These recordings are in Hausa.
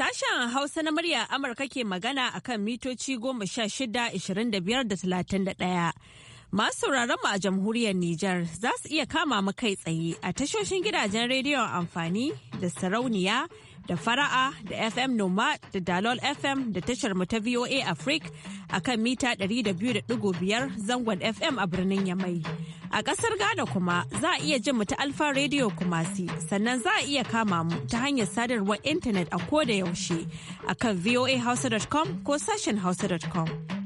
Sashen Hausa na murya Amurka ke magana a kan mitoci goma sha shida, ishirin da biyar da talatin da ɗaya. Masu sauraron mu a jamhuriyar Nijar za su iya kama mu kai tsaye a tashoshin gidajen rediyon amfani da sarauniya da fara'a da FM Noma da Dalol FM da tashar mu ta VOA Africa a kan mita 200.5 zangon FM a birnin Yamai. A ƙasar Ghana kuma za a iya jin mu ta Alfa Radio Kumasi sannan za a iya kama mu ta hanyar sadarwar intanet a koda yaushe a kan voahausa.com ko sashen hausa.com.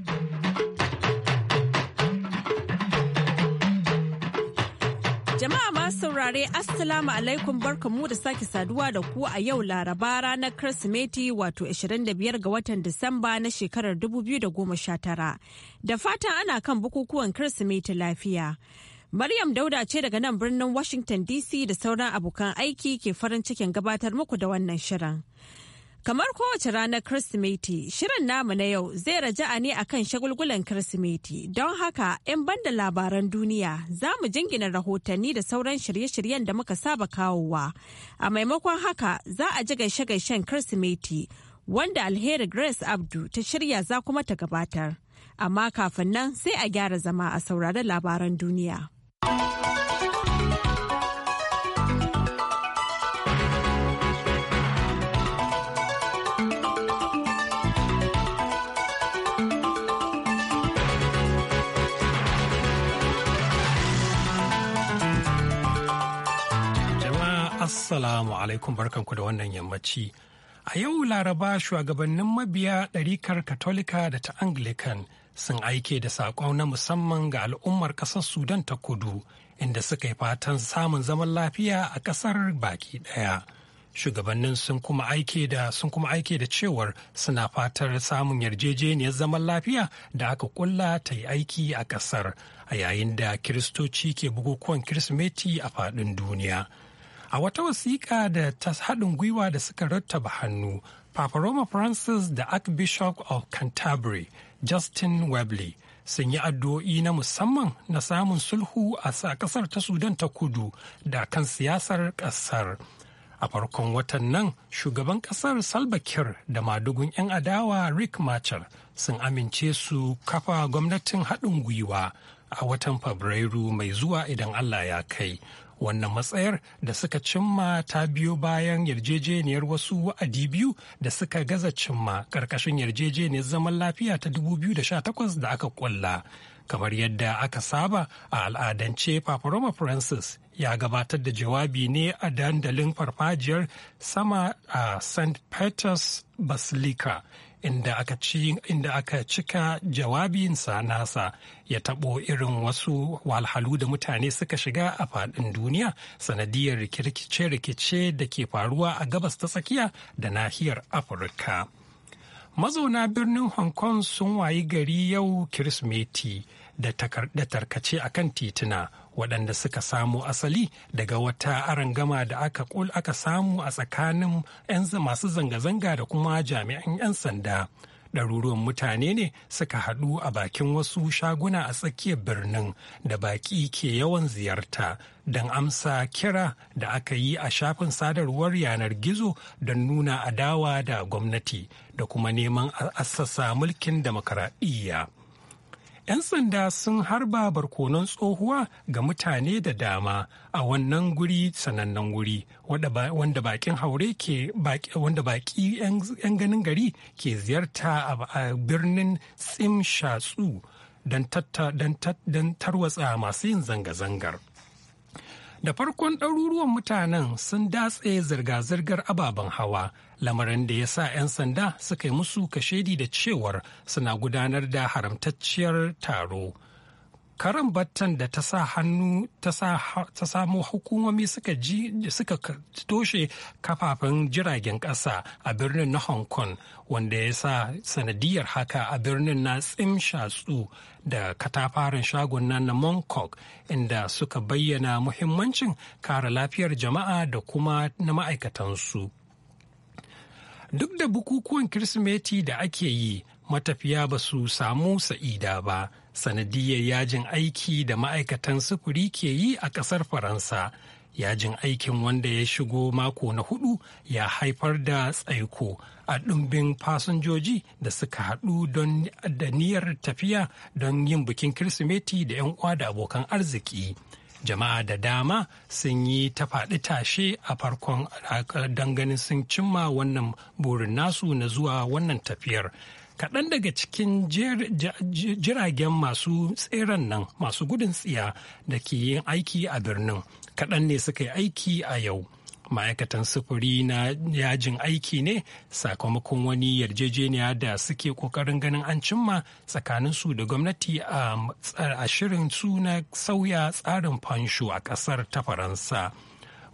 Jama'a masu saurare Assalamu alaikum barkamu da sake saduwa da ku a yau Laraba ranar Kirsimeti wato 25 ga watan Disamba na shekarar 2019. Da fatan ana kan bukukuwan Kirsimeti lafiya. Maryam Dauda ce daga nan birnin Washington DC da sauran abokan aiki ke farin cikin gabatar muku da wannan shirin. Kamar kowace ranar Kirsimeti, shirin namu na yau zai raja'a ne a kan shagulgulan Kirsimeti. Don haka, in banda labaran duniya, za mu jingina rahotanni da sauran shirye-shiryen da muka saba kawowa. A maimakon haka, za a ji gaishe-gaishen Kirsimeti, wanda alheri Grace Abdu ta shirya za kuma ta gabatar. Amma kafin nan sai a gyara zama a saurari labaran duniya. Assalamu alaikum barkanku da wannan yammaci. A yau Laraba shugabannin mabiya ɗarikar Katolika da ta Anglican sun aike da saƙo na musamman ga al'ummar ƙasar Sudan ta kudu inda suka yi fatan samun zaman lafiya a ƙasar baki ɗaya. Shugabannin sun kuma aike da sun kuma aike da cewar suna fatar samun yarjejeniyar zaman lafiya da aka kulla ta yi aiki a ƙasar a yayin da Kiristoci ke bukukuwan Kirsimeti a faɗin duniya. A wata wasiƙa da ta haɗin gwiwa da suka rattaba hannu, Papa Roma Francis da Archbishop of Canterbury, Justin Webley, sun yi addu'o'i na musamman na samun sulhu a ƙasar ta Sudan ta kudu da kan siyasar ƙasar. A farkon watan nan, shugaban ƙasar Salva Kiir da madugun 'yan adawa Rick Machar sun amince su kafa gwamnatin haɗin gwiwa a watan Fabrairu mai zuwa idan Allah ya kai. wannan matsayar da suka cimma ta biyo bayan yarjejeniyar wasu wa'adi biyu da suka gaza cimma ƙarƙashin yarjejeniyar zaman lafiya ta 2018 da aka ƙulla kamar yadda aka saba a al'adance papa francis ya gabatar da jawabi ne a dandalin farfajiyar sama a st peters basilica inda aka cika jawabinsa nasa ya tabo irin wasu walhalu da mutane suka shiga a faɗin duniya sanadiyar rikice-rikice da ke faruwa a gabas ta tsakiya da nahiyar afirka mazauna birnin hong kong sun wayi gari yau kirsimeti da tarkace a kan tituna waɗanda suka samo asali daga wata arangama da aka kul aka samu a tsakanin 'yan masu zanga-zanga da kuma jami'an 'yan sanda. ɗaruruwan mutane ne suka haɗu a bakin wasu shaguna a tsakiyar birnin da baƙi ke yawan ziyarta don amsa kira da aka yi a shafin sadarwar yanar gizo don nuna adawa da gwamnati da kuma neman sassa mulkin demokaradiyya. 'yan sanda sun harba barkonon tsohuwa ga mutane da dama a wannan guri sanannen guri wanda bakin haure ke wanda baki 'yan ganin gari ke ziyarta a birnin tsimshatsu don tarwatsa masu yin zanga-zangar. Da farkon ɗaruruwan mutanen sun datse zirga-zirgar ababen hawa, lamarin da ya sa 'yan sanda suka yi musu kashedi da cewar suna gudanar da haramtacciyar taro. karan battan da ta sa hannu ta samo hukumomi suka ji suka toshe kafafen jiragen ƙasa a birnin na hong kong wanda ya sa sanadiyar haka a birnin na tsimshatsu da katafaren shagon na mongkok inda suka bayyana muhimmancin kare lafiyar jama'a da kuma na ma'aikatansu duk da bukukuwan kirsimeti da ake yi matafiya ba su samu sa'ida ba sanadiyar yajin aiki da ma'aikatan sufuri ke yi a ƙasar faransa yajin aikin wanda ya shigo mako na hudu ya haifar da tsaiko a ɗumbin fasinjoji da suka haɗu don da niyyar tafiya don yin bikin kirsimeti da 'yan uwa da abokan arziki jama'a da dama sun yi ta faɗi tashe a farkon ganin sun cimma wannan burin nasu na zuwa wannan tafiyar kaɗan daga cikin jiragen masu tseren nan masu gudun tsiya da ke yin aiki a birnin kaɗan ne suka yi aiki a yau ma'aikatan sufuri na yajin aiki ne sakamakon wani yarjejeniya da suke ƙoƙarin ganin an cimma tsakanin su da gwamnati a shirin su na sauya tsarin fansho a ƙasar ta faransa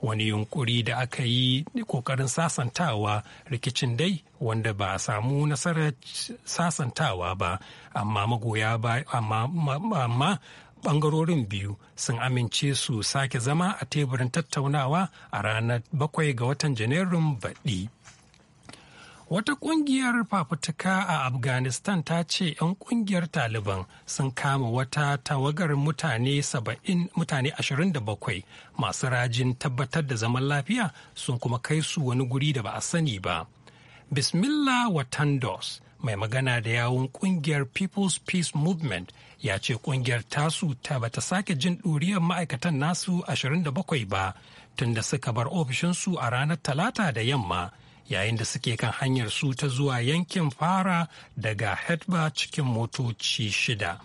wani yunkuri da aka yi kokarin sasantawa rikicin dai wanda ba a samu nasarar sasantawa ba amma magoya ba amma bangarorin biyu sun amince su sake zama a teburin tattaunawa a ranar bakwai ga watan janairun baɗi. Wata ƙungiyar fafutuka a Afghanistan ta ce 'yan ƙungiyar Taliban sun kama wata tawagar mutane 70 mutane 27 masu rajin tabbatar da zaman lafiya sun kuma kai su wani guri da ba a sani ba. Bismillah Watandos mai magana da yawun ƙungiyar People's Peace Movement ya ce ƙungiyar tasu ta bata sake jin ɗuriyar ma'aikatan nasu 27 ba tunda suka bar ofishinsu a ranar talata da yamma. yayin da suke kan hanyar su ta zuwa yankin fara daga Hetba cikin motoci shida.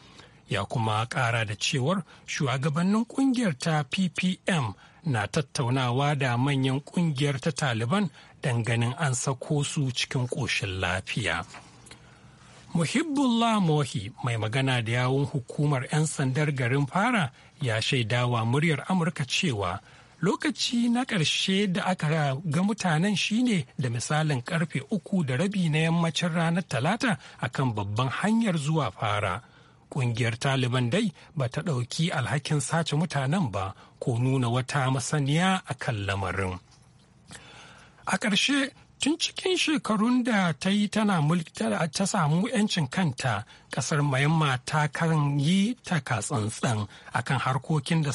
Ya kuma ƙara da cewar shugabannin ƙungiyar ta PPM na tattaunawa da manyan ƙungiyar ta Taliban danganin an sako su cikin ƙoshin lafiya. Muhibbullah Mohi mai magana da yawun hukumar 'yan sandar garin fara ya shaidawa muryar Amurka cewa lokaci na ƙarshe da aka ga mutanen shine da misalin karfe uku da rabi na yammacin ranar talata akan babban hanyar zuwa fara ƙungiyar taliban dai ba ta ɗauki alhakin sace mutanen ba ko nuna wata masaniya a kan lamarin a ƙarshe tun cikin shekarun da ta yi tana mulki ta samu 'yancin kanta kasar mayamma ta kan yi taka tsantsan akan harkokin da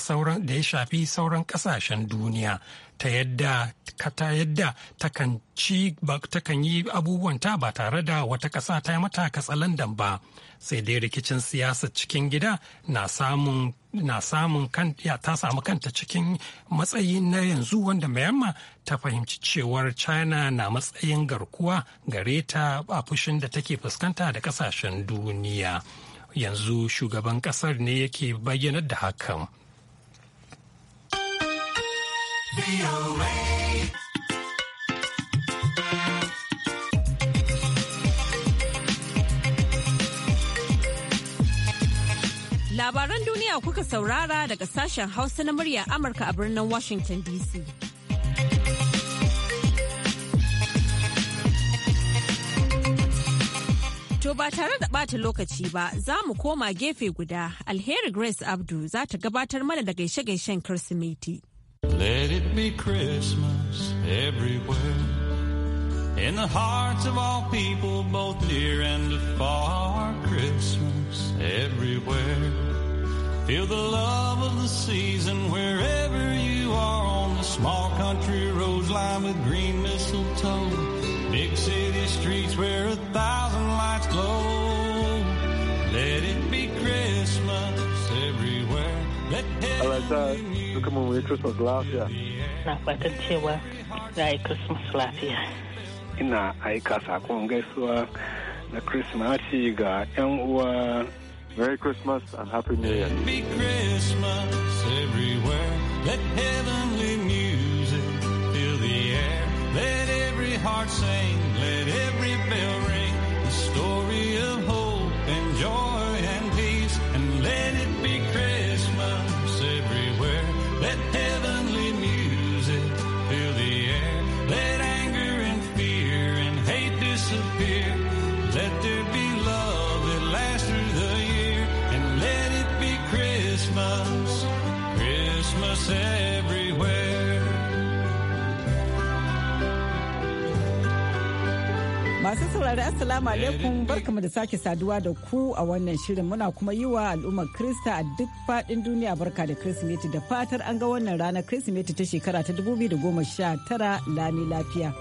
ya shafi sauran kasashen duniya ta yadda ta yadda takan ci takan yi abubuwanta ba tare da wata ƙasa ta yi mata katsalandan ba sai dai rikicin siyasa cikin gida na samun na samun kan ya ta samu kanta cikin matsayi na yanzu wanda mayamma ta fahimci cewar China na matsayin garkuwa gare ta a fushin da take fuskanta da kasashen duniya yanzu shugaban kasar ne yake bayyanar da hakan Labaran duniya kuka saurara daga sashen Hausa na murya Amurka a birnin Washington DC. To ba tare da ɓata lokaci ba za mu koma gefe guda alheri Grace Abdu za ta gabatar mana da gaishe-gaishen Kirsimeti. Let it be Christmas everywhere. In the hearts of all people, both near and afar, Christmas everywhere. Feel the love of the season wherever you are on the small country roads lined with green mistletoe. Big city streets where a thousand lights glow. Allah uh, sa duka mu yi Christmas lafiya. Na fatan cewa za a yi Christmas lafiya. Ina aika sakon na Krismati ga 'yan uwa. Merry Christmas and Happy New Year. Be Christmas everywhere. Let heavenly music fill the air. Let every heart sing. Assalamu alaikum barkamu da sake saduwa da ku a wannan shirin muna kuma yi wa al'ummar Krista a duk faɗin duniya barka da Kirsimeti da fatar an ga wannan ranar Kirsimeti ta shekara ta 2019 lami lafiya.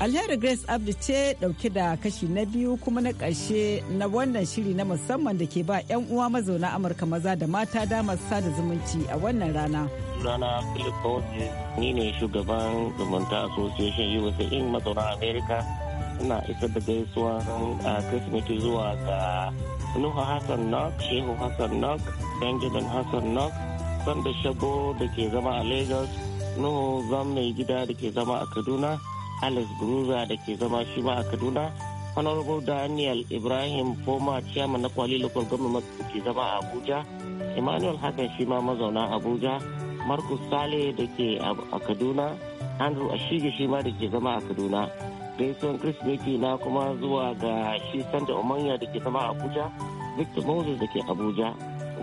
Alheri Grace Abdi ce dauke da kashi na biyu kuma na ƙarshe na wannan shiri na musamman da ke ba 'yan uwa mazauna Amurka maza da mata damar sada zumunci a wannan rana. Rana Philip ni ne shugaban zumunta Association USA in mazauna America. ina isar da gaisuwan kirsimeti zuwa ga nuhu hassan nok shehu hassan nok benjamin hassan nok sanda shago da ke zama a lagos nuhu zan mai gida da ke zama a kaduna alice bruza da ke zama shi ma a kaduna honorable daniel ibrahim former chairman na kwali local government da ke zama a abuja emmanuel hakan shi ma mazauna abuja Markus sale da ke a kaduna andrew ashige shi ma da ke zama a kaduna da kirsimeti na kuma zuwa ga shi sanda umanya da ke zama abuja victor moses da ke abuja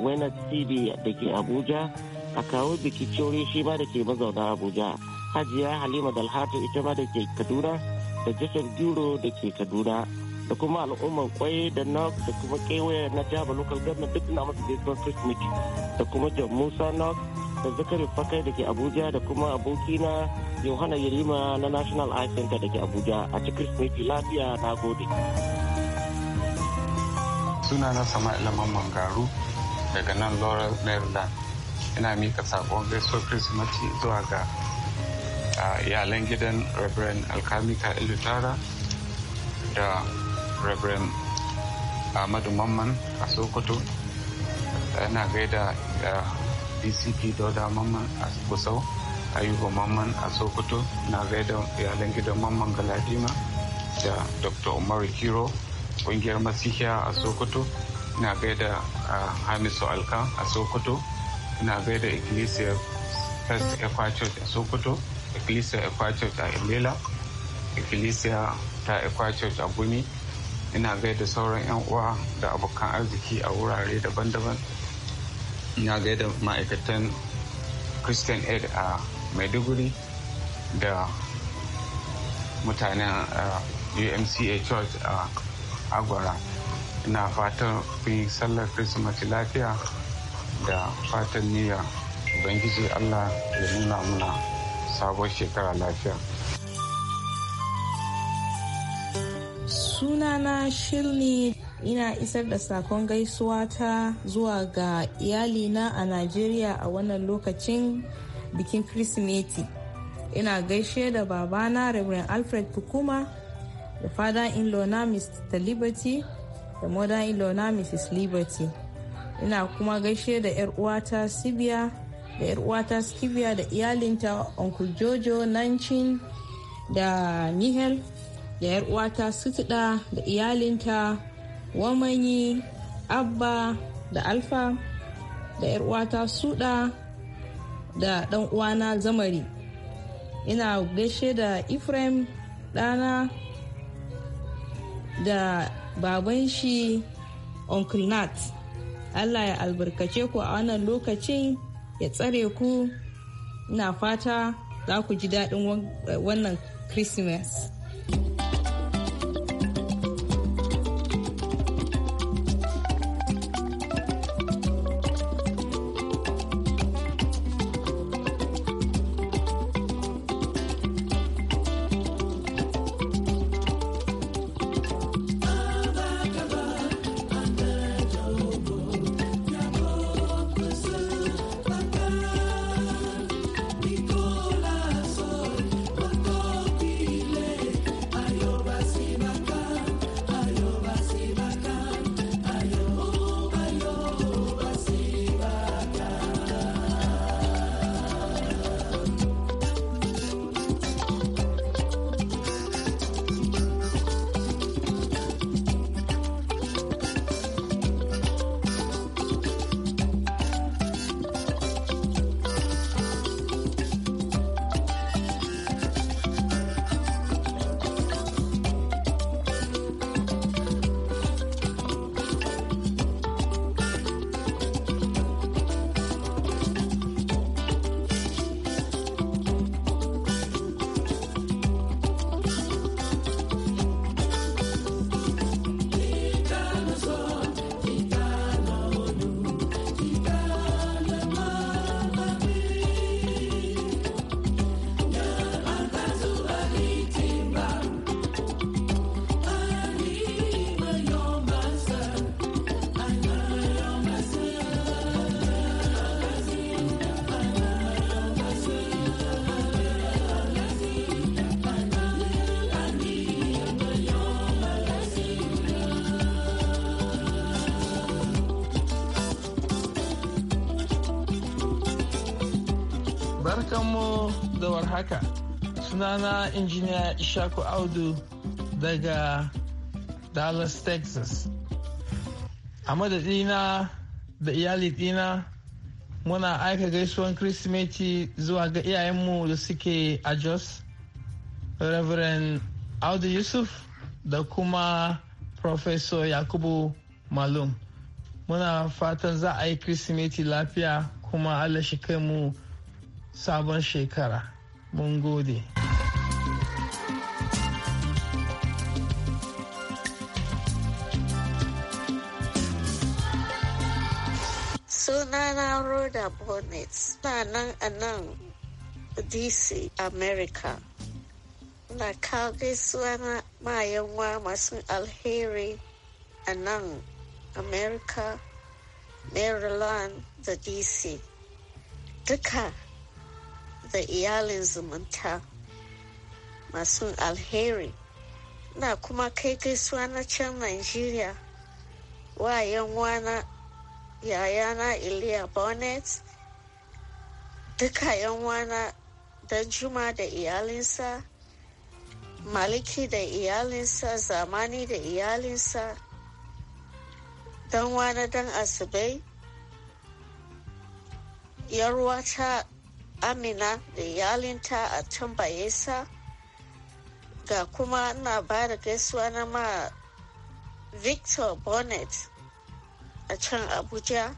wenat tv da ke abuja a kawo biki cori shi ma da ke mazauna abuja hajiya halima dalhatu ita ma da ke kaduna da jason duro da ke kaduna da kuma al'umman kwai da na da kuma kewaye na jaba local government duk na masu gaisuwan Chris da kuma jan musa north da zakari fakai da ke abuja da kuma abokina yohana yarima na national eye center da ke abuja a cikin kirsimeti lafiya na gode suna na sama mamman mangaru daga nan laurel maryland ina mika sakon gaisuwar kirsimeti zuwa ga iyalan gidan reverend alkamika ilutara da reverend ahmadu mamman a sokoto ina gaida dcp dauda mamman a kusau ayuba mamman a sokoto na gaida iyalan gidan mamman galadima da dr umaru kiro ƙungiyar masihiya a sokoto na gaida hamisu alka a sokoto na gaida ecclesia first equator a sokoto ecclesia equator a imela ecclesia ta equator a gumi ina gaida sauran 'yan uwa da abokan arziki a wurare daban-daban na gaida ma'aikatan christian aid a maiduguri da mutanen eh, umca church a agwara na fatan fi sallar christmas lafiya da fatan niyya ubangiji allah ya nuna muna sabon shekara lafiya sunana shirni ina isar da sakon gaisuwa ta zuwa ga iyalina a najeriya a wannan lokacin bikin kirsimeti ina gaishe da babana reverend alfred pukuma da father in law na mr liberty da mother in law na mrs liberty ina kuma gaishe da 'yar uwata sibiya da 'yar uwata skibiya da iyalinta uncle jojo nancin da nihel da 'yar uwata sutuda da iyalinta wamanyi abba da alfa da 'yar uwata suda da dan uwana zamari ina gaishe da ephraim ɗana da baban shi uncle nat allah ya albarkace ku a wannan lokacin ya tsare ku ina fata za ku ji daɗin wannan christmas sunana injiniya ishaku audu daga dallas texas a madadina da iyali dina muna aika gaisuwan kirsimeti zuwa ga iyayenmu da suke a jos reverend audu yusuf da kuma professor yakubu malum muna fatan za a yi kirsimeti lafiya kuma allah shi kai mu sabon shekara mun gode Sunana Rhoda Bonnet, na nan a nan DC, America. Na kawo gaisuwa na mayanwa masu alheri a nan America, Maryland da DC. Duka da iyalin zumunta. masu alheri na kuma kai gaisuwa na can Najeriya wa wana yayana Iliya Bonnet duka wana don Juma da iyalinsa Maliki da iyalinsa zamani da iyalinsa don wana don asibai yarwata amina da iyalinta a can bayesa ga kuma ina ba da gaisuwa na ma victor bonnet a can abuja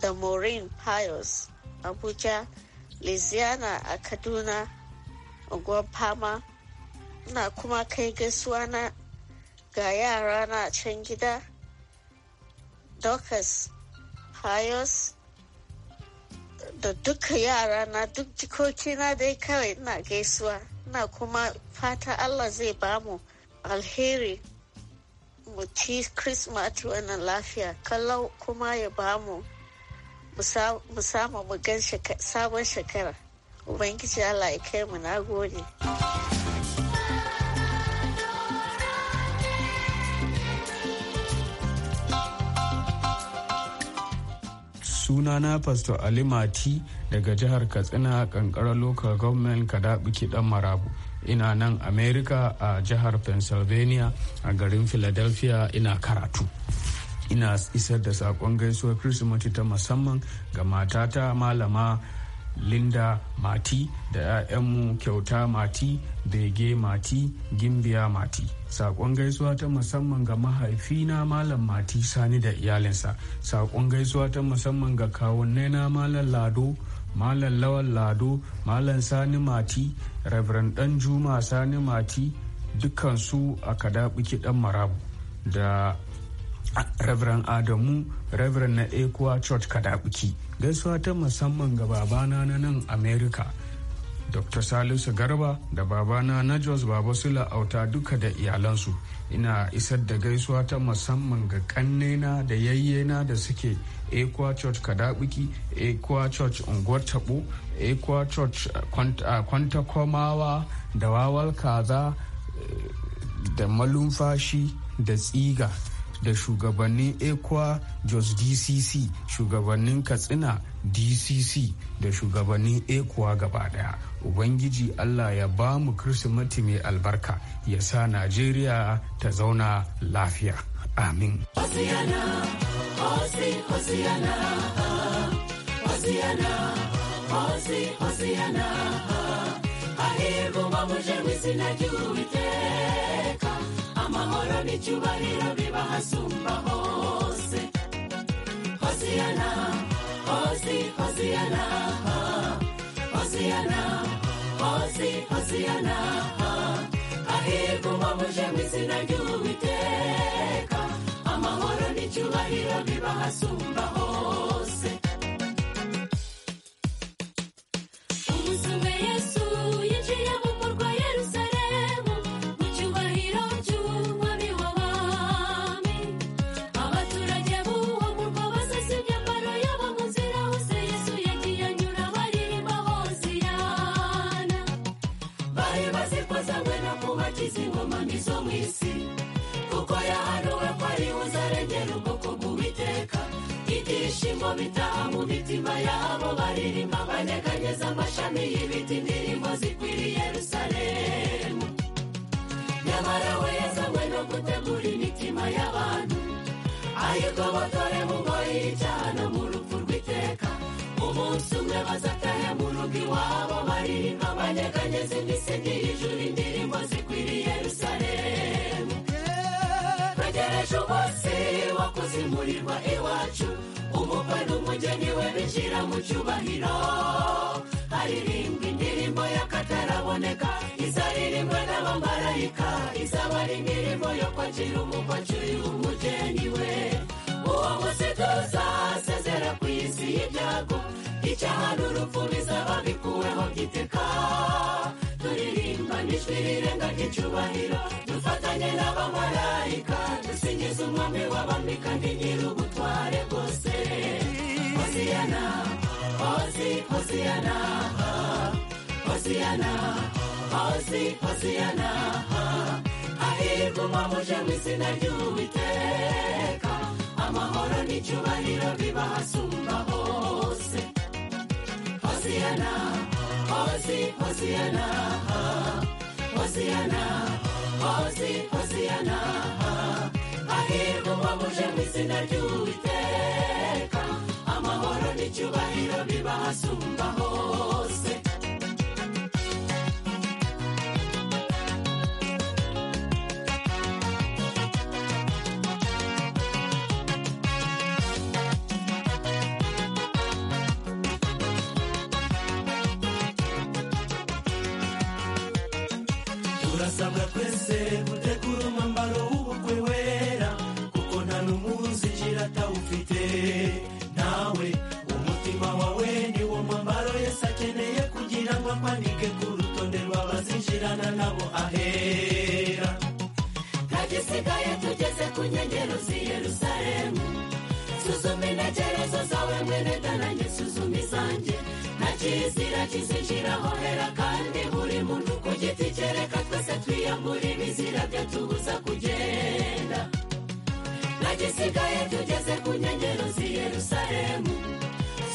da maureen pius abuja liziana a kaduna unguwar fama ina kuma kai gaisuwa na ga yara na can gida Dorcas Pius da duka yara na duk jikokina dai kawai ina gaisuwa. na kuma fata Allah zai bamu alheri mu ci Christmas wannan lafiya kallau kuma ya bamu mu samu mu gan sabon shekara ubangiji Allah ya kai mu na gode. sunana pastor ali mati daga jihar katsina kankarar local government daɓi kiɗan marabu ina nan america a jihar pennsylvania a garin philadelphia ina karatu ina isar da saƙon gaisuwar kirsimati ta musamman ga matata malama linda mati da 'ya'yanmu kyauta mati bege mati gimbiya mati saƙon gaisuwa ta musamman ga mahaifina malam mati sani da iyalinsa saƙon gaisuwa ta musamman ga na malam lado malam lawan lado malam sani mati reverend dan juma sani mati dukansu a kadaɓuki dan marabu da reverend adamu reverend na ekuwa church kadaɓuki gaisuwa ta musamman ga babana na nan america dr salisu garba da babana na jos baba babasula auta duka da iyalansu ina isar da gaisuwa ta musamman ga kannena da yayyena da suke ekwa church kadabiki ekwa church unguwar tabo ekwa church eh, eh, kwantakomawa da wawal kaza eh, da malumfashi da tsiga da shugabannin ekwa jos dcc shugabannin katsina dcc da shugabannin ekwa gaba daya ubangiji allah ya ba mu kirsimati mai albarka ya sa najeriya ta zauna lafiya amin Hosiana, Hosi, Hosiana, Hosiana, Hosi, Hosiana, ahirwa mu je mu amahoro n'icyubahiro biba hasumba hose hoziyana hozi hoziyana hoziyana hozi hoziyana hahirwa umwamuje mu izina ry'uwiteka amahoro n'icyubahiro biba hasumba hose bitaha mu mitima yabo baririmba banyeganyeza amashami y'ibiti indirimbo zikwiriye rusaremu nyamara we yazanywe no gutegura imitima y'abantu ayigobotore mu ngoyi no mu rupfu rw'iteka umunsi umwe bazatahe mu rugo iwabo baririmba banyeganyeza imisigi y'ijuru indirimbo zikwiriye rusaremu twegereje umunsi wo muzimurirwa iwacu umukwe n'umugeni we bishyira mu cyubahiro haririmbwa indirimbo y'akataraboneka izaririmbwa n'abamarayika izaba ari indirimbo yo kwakira umukwe acyuye umugeni we uwo munsi tuzasezera ku isi y'ibyago icyaha n'urupfu bizaba bikuweho giteka banishwirire ndage icyubahiro dufatanye n'abamarayika dusingize umwami w'abami kandi nyir'ubutware bwose hosiyana hosi hosiyana hosiyana hosi hosiyana hahirwa umwamuje mu izina ry'uwiteka amahoro n'icubahiro bibahasumba hose hosiyana hosi hosiyana Hosiana, Hosi, Hosiana, hahirwa uwabuje mu izina ry'Uwiteka, amahoro n'icyubahiro bibahasumbaho ahera ntagisigaye tugeze ku nkengero z'i yerusalemu suzuma intekerezo zawe mwene dananye suzuma izanjye nta kizira kizinjiraho hera kandi buri muntu ku giti kereka twese twiyambura ibizira byatubuza kugenda ntagisigaye tugeze ku nkengero z'i yerusalemu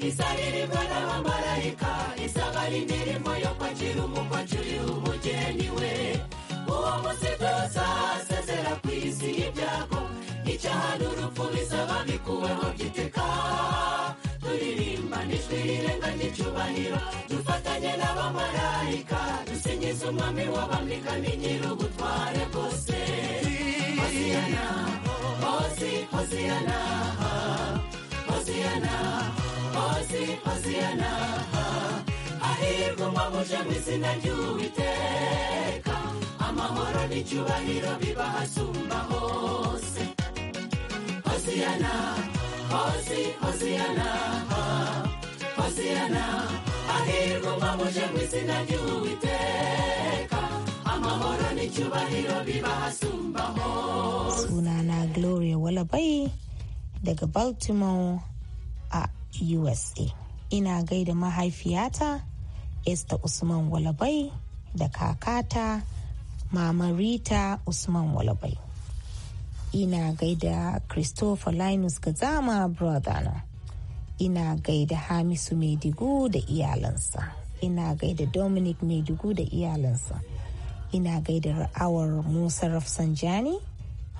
isabire mwana wa marayika isabara imirimo yo kwakira umukwakiri umugeni we uwo munsi byose asezera ku isi y'ibyago icyaha n'urupfu bisaba bikuweho by'iteka turirimba n'ijwi rirenganya icyubahiro dufatanye n'abamarayika dusingiza umwami w'abambika ni nyir'ubutware bwose hosiyana hosi hosiyana hosiyana isi oziyanaha hahirwa umwe muje mu izina ry'uwiteka amahoro n'icyubahiro biba hasumba hose hoziyana hozi hoziyana hoziyana hahirwa umwe muje mu izina ry'uwiteka amahoro n'icyubahiro biba hasumba hose sunana gloria walabai daga baltimore USA. Ina gaida mahaifiyata, Esther Usman Walabai da kakata Mama Rita Usman Walabai. Ina gaida Christopher Linus Gazama brother Ina gaida Hamisu Maidugu da iyalansa. Ina gaida Dominic Maidugu da iyalansa. Ina gaida ra'awar Musa Rafsanjani.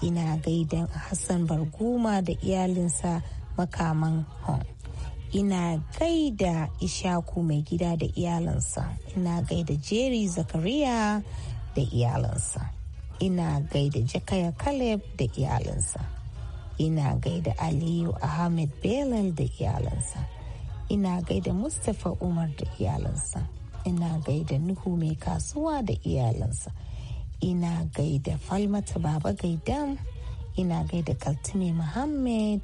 Ina gaida Hassan Barguma da iyalinsa makaman Hong. ina gaida ishaku mai gida da iyalansa ina gaida jerry zakariya da iyalansa ina gaida jakaya kaleb da iyalansa ina gaida aliyu ahmed belal da iyalansa ina gaida mustapha umar da iyalansa ina gaida nuhu mai kasuwa da iyalansa ina gaida falmata baba gaidam ina gaida kaltume muhammad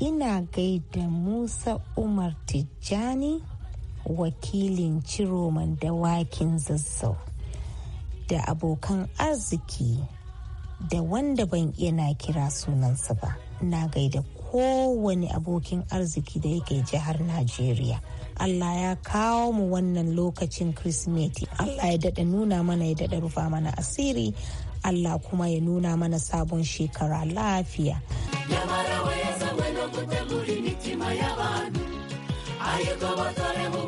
ina gaida musa umar tijjani wakilin ciroman dawakin zazzau da abokan arziki da wanda ban iya na kira sunansa ba na gaida kowane abokin arziki da yake jihar najeriya allah ya kawo mu wannan lokacin kirsimeti allah ya dada nuna mana ya daɗa rufa mana asiri allah kuma ya nuna mana sabon shekara lafiya yabarabeza we no gutegura imitima y'abantu mu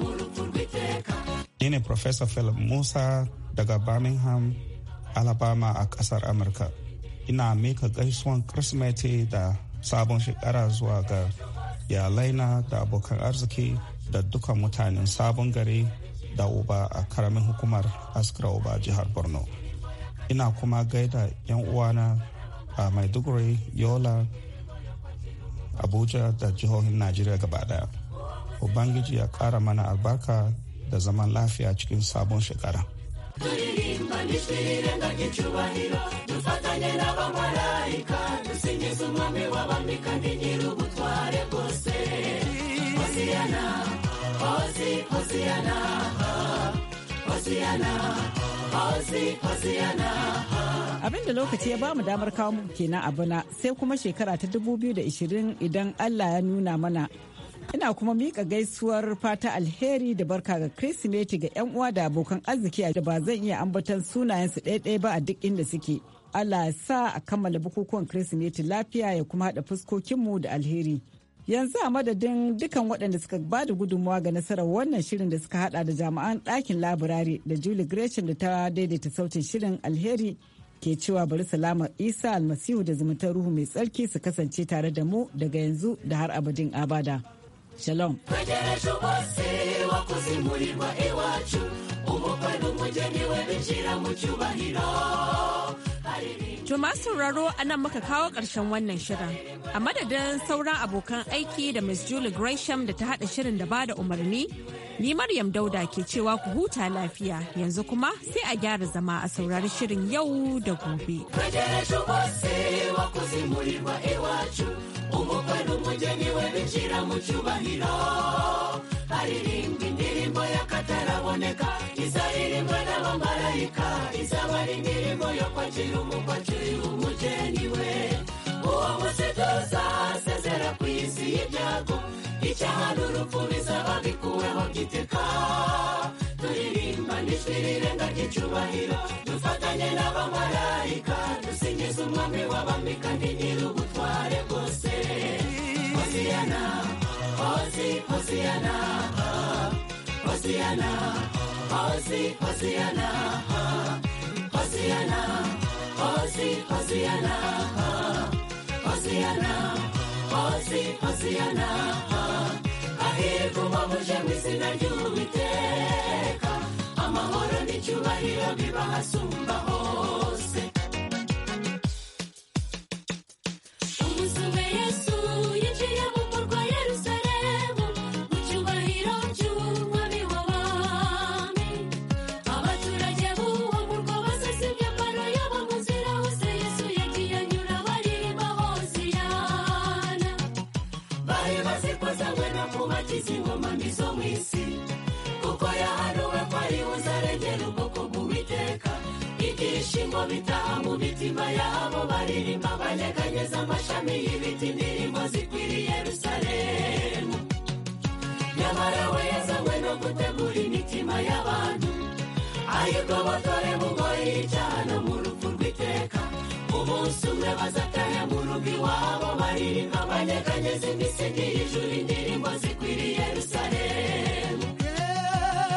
mu rupfu rw'iteka ni ne Profesa Philip Musa daga Birmingham, Alabama a kasar Amurka. Ina mika gaisuwan Kirsimeti da sabon shekara zuwa ga yalaina da abokan arziki da dukkan mutanen sabon gari da uba a karamin hukumar Askira Uba jihar Borno. Ina kuma gaida 'yan uwana a maiduguri yola abuja da jihohin najeriya gaba daya ubangiji ya kara mana albarka da zaman lafiya cikin sabon shekara Hosiana, Hosiana, Hosiana, Abin da lokaci ya ba mu damar kawo muku kenan a bana sai kuma shekara ta 2020 idan Allah ya nuna mana. Ina kuma mika gaisuwar fata alheri da barka ga Kirsimeti ga 'yan uwa da abokan arziki da ba zan iya ambatan sunayensu ɗaya-ɗaya ba a duk inda suke. Allah ya sa a kammala bukukuwan Kirsimeti lafiya ya kuma haɗa fuskokinmu da alheri. yanzu a madadin dukan waɗanda suka ba da gudunmawa ga nasarar wannan shirin da suka hada da jami'an ɗakin labirare da julie greshin da ta daidaita sautin shirin alheri ke cewa bari salama isa almasihu da zumuntar ruhu mai tsarki su kasance tare da mu daga yanzu da har abadin abada shalom To sauraro a nan muka kawo ƙarshen wannan shirin. A madadin sauran abokan aiki da ms Julie Gresham da ta haɗa shirin da ba da umarni, ni Maryam Dauda ke cewa ku huta lafiya yanzu kuma sai a gyara zama a saurari shirin yau da gobe. haririmbira indirimbo y'akataraboneka izaririmbwa n'abamarayika izaba ari indirimbo yo kwakira umupakira umugeni we uwo musedoza asezera ku isi y'ibyago icyaha n'urupfu bizaba bikuweho giteka turirimba n'ijwi rirenga ry'icyubahiro dufatanye n'abamarayika dusingiza umwami w'abami kandi nyir'ubutware bwose hoziyana hozi hoziyana Hosiana, Hosi, Hosiana, Hosiana, Hosi, Hosiana, Hosiana, Hosi, Hosiana, hahirwa muje mu izina ry'Uwiteka, amahoro n'icyubahiro biba hasumba hose indirimbo bitaha mu mitima yabo baririmba banyeganyeza amashami y'ibiti indirimbo zikwiriye rusaremu nyamara we yazanywe no gutegura imitima y'abantu ayigobotore bugoye y'icana mu rupfu rw'iteka umunsi umwe bazatahe mu rugo iwabo baririmba banyeganyeza imisigi y'ijuru indirimbo zikwiriye rusaremu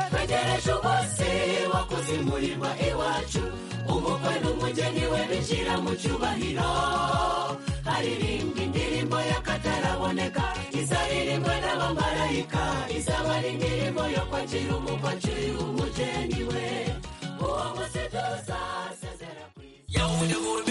twegereje umunsi wo kuzimurirwa iwacu umukwe n'umugeni we bishyira mu cyubahiro haririmbwa indirimbo y'akataraboneka izaririmbwa n'abamarayika izaba ari indirimbo yo kwakira umukwe akiri umugeni we uwo munsi tuzasezera ku isi